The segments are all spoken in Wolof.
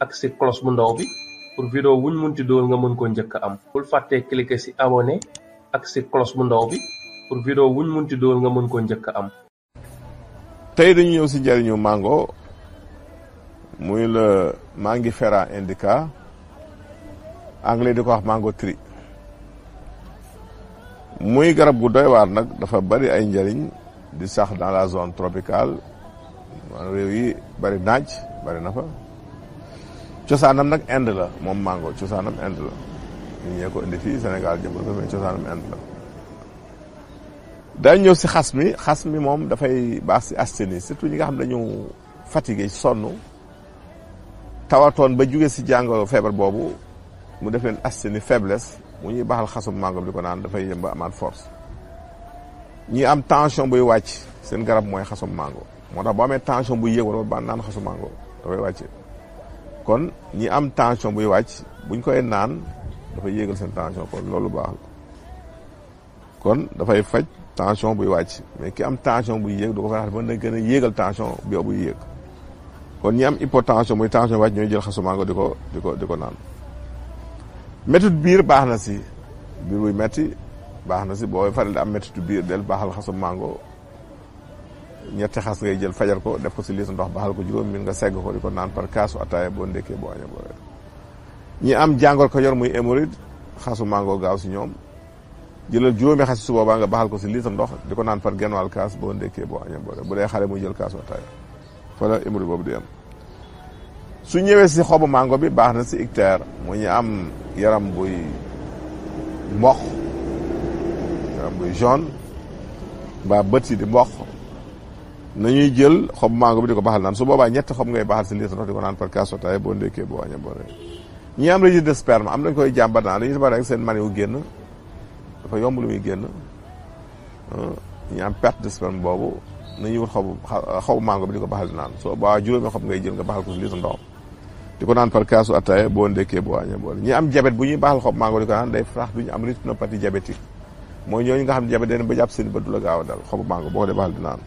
ak ci cloche bu ndaw bi pour vidéo wuñ munti dool nga mën ko njëkk am bul fàtte cliquer ci abonné ak ci cloche bu ndaw bi pour vidéo wuñ munti dool nga mën ko njëkk am tey dañu ñëw ci mango muy le mangi fera indica anglais di wax mango tree muy garab gu doy waar nag dafa bari ay njariñ di sax dans la zone tropicale réew yi bari naaj bari na fa cosaanam nag Inde la moom mango cosaanam Inde la ñu ñee ko indi fii Sénégal jëmbal ko mais ñëw si xas mi xas mi moom dafay baax si asthénie surtout ñi nga xam ne dañu fatigué sonn tawatoon ba jóge si jàngoro feebar boobu mu def leen asthénie faiblesse mu ñuy baaxal xasum mango bi ko naan dafay yëm ba amaat force ñi am tension buy wàcc seen garab mooy xasum mango moo tax boo amee tension bu yéeg wala ba naan xasu mango dafay wàcce ñi am tension buy wàcc buñ koy naan dafay yéegal seen tension kon loolu baax kon dafay faj tension buy wàcc mais ki am tension buy yéeg du ko fa mën na gën a yéegal tension bi buy yéeg kon ñi am hypotension muy tension wàcc ñooy jël xasu mango di ko di ko di ko naan méttitu biir baax na si biir buy metti baax na si boo faral di am méttitu biir del baaxal xasu mango ñetti xas ngay jël fajal ko def ko si liisu ndox baxal ko juróom min nga segg ko di ko naan par kaasu ataaya boo ndekkee boo aña ñi am jàngor ko yor muy hémorroïde xasu mango gaaw si ñoom jëlal juróomi xas su boobaa nga baxal ko si liisu ndox di ko naan par genn wàll kaas boo ndekkee boo aña boo reer bu dee xale muy jël kaasu ataaya fa la hémorroïde boobu di am su ñëwee si xobu mango bi baax na si ictère mu ñu am yaram buy mboq yaram buy jaune mbaa bët di mboq nañuy jël xob mango bi di ko baxal naan su boobaa ñett xob ngay baxal si litre ndox di ko naan par kaasu ataaya boo ndékkee boo añee boo am registre koy jàmbat naan dañuy seen man yu génn dafa yomb lu muy génn ah, ñi am de sperme boobu nañuy wut xobu xobu mango bi di ko baxal di naan soo boobaa juróomi xob ngay jël nga baxal ko si litre ndox di ko naan par kaasu ataaya boo ndékkee boo añee boo ree ñi am jabet bu ñuy baxal xob mango di ko naan day tax duñu am rétinopathie diabétique mooy ñooñu nga xam ne jabet den ba jàpp seen bët du la gaaw a dal xobu mango boo ko dee baxal di naan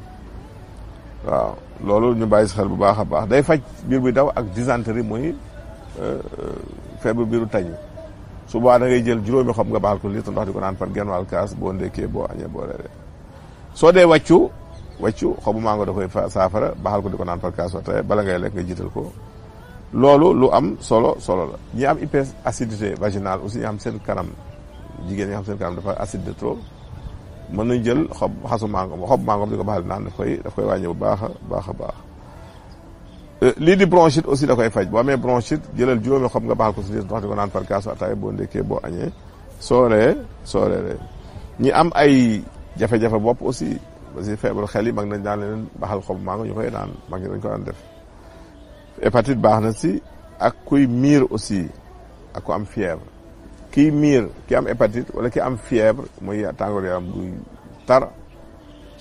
waaw loolu ñu bàyyi si xel bu baax a baax day faj biir buy daw ak dysenterie mooy euh, euh, feebar biiru tañ su boo da ngay jël juróomi xob nga baxal ko litre ndox di ko naan par genn wàll kaas boo ndekkee boo añee boo reeree soo dee wàccu wàccu xobu mango da koy saafara baxal ko di ko naan par kaas waxtaanee bala ngay lekk nga jiital ko. loolu lu am solo solo la ñi am hyper acidité vaginale aussi ñi am seen kanam jigéen ñi xam seen kanam dafa acide de trop. mën nañ jël xob xasu mango xob mango di ko baxal naan daf koy daf koy wàññi bu baax baax a baax euh, lii di bronchite aussi da koy faj boo amee bronchite jëlal juróomi xob nga baxal ko si litre ndox di ko naan par kaasu ataaya boo ndékkee boo añee soo ree soo ñi am ay jafe-jafe bopp aussi aussi feebar xel yi mag nañ daan leen baxal xob mango ñu koy naan mag ñi dañ ko daan def hépatite baax na si ak kuy miir aussi ak ku am fièvre ki mir ki am hepatite wala ki am fièvre ya tangor yaram bu tar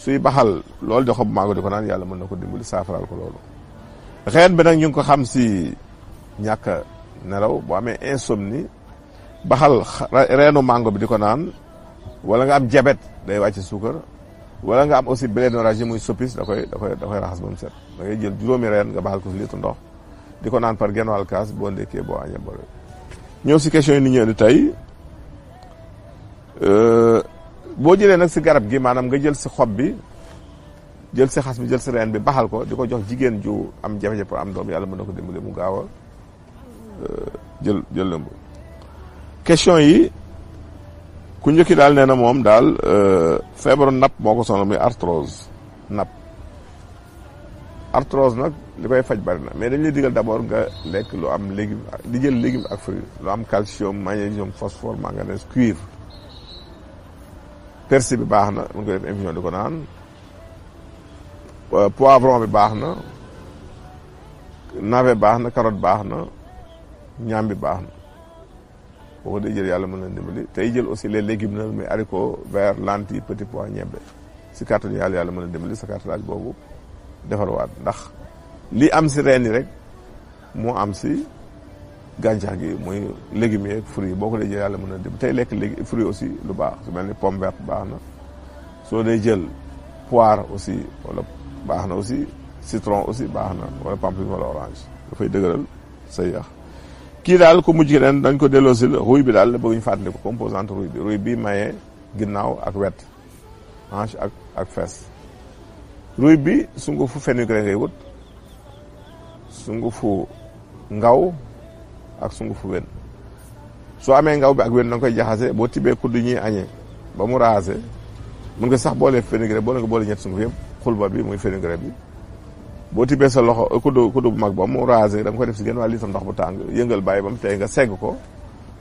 suy baxal lol di xob mago di ko naan mën nako dimbali safaral ko loolu xeet bi nak ñu ko xam si ñàkk nelaw bo amé insomnie baxal reenu mango bi diko nan wala nga am jabet day wacc sucre wala nga am aussi rage muy sopis da koy da koy da koy rahas ba set da ngay jël juromi reen nga baxal ko si ndox diko nan par genn wàll bo boo bo añe bo ñëw si question yi ni ñëw tey euh, boo jëlee nag si garab gi maanaam nga jël si xob bi jël si xas bi jël si reen bi baxal ko di ko jox jigéen ju am jafe-jafe pour am doom yàlla mën a ko dimbali mu gaaw euh, jël jël lëmb question yi ku njëkki daal nee na moom daal euh, feebaru napp moo ko sonal muy arthrose napp tros nag li koy faj bari na mais dañ lay digal d' nga lekk lu am légume di jël légume ak fruit lu am calcium magnésium phosphore manganèse cuivre persil bi baax na mën koy def infusion di ko naan euh, poivron bi baax na navet baax na carotte baax na ñaam bi baax na boo ko jël yàlla mën na dimbali tey jël aussi les légumineuses muy haricot vert lentilles petit pois ñebbe si kàttanu yàlla yàlla mën na dimbali sa cartilage boobu defarwaat ndax li am si reen yi rek moo am si gàncax gi mooy légumes yeeg fruits boo ko dee jël yàlla mun na dem tey lekk léegi fruits aussi lu baax su mel ni pomme verte baax na soo dee jël poire aussi wala baax na aussi citron aussi baax na wala pamplemousse wala orange dafay dëgëral sa yax kii daal ku mujj ren dañ ko delloosil ruy bi daal la bëgg ñu fàttali ko composante ruy bi ruy ginnaaw ak wet hanche ak ak fesse ruy bi sungufu fenugrec wut sungufu ngaw ak sungufu wen soo amee ngaw bi ak wen da koy jaxase boo tibbee kudd ñuy añee ba mu raase mun nga sax boole fenugrec boo nga boole ñett sunguf yëpp xulba bi muy bi boo tibbee sa loxo kudd eh, kudd bu mag ba mu raase da koy def si genn wàll litre ndox bu tàng yëngal bàyyi ba mu tey nga segg ko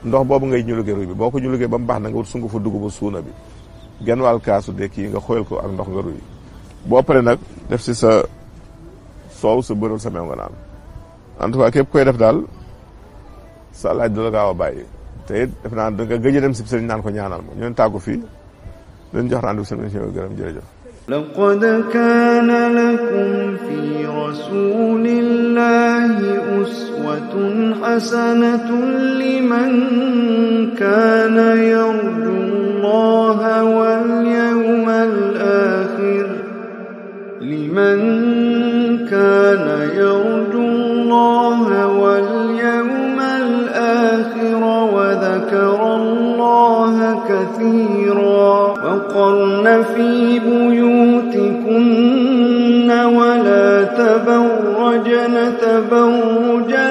ndox boobu ngay ñuluge ruy bi boo ko ñuluge ba mu baax na nga wut sungufu dugubu suuna bi genn wàll kaasu dekk yi nga xooyal ko ak ndox nga ruy boo pare nag def si sa soow sa bëral sa meew nga naan en tout cas képp koy def daal sa laaj du la gaaw a bàyyi te it def naa da nga gëj a dem si sëriñ naan ko ñaanal ma ñu leen tàggu fii leen jox rendez-vous seen émission gërëm jërëjëf لقد كان لكم في رسول الله أسوة حسنة لمن كان يرجو الله واليوم من كان يرجو الله واليوم الآخر وذكر الله كثيرا وقرن في بيوتكن ولا تبرجن تبرجا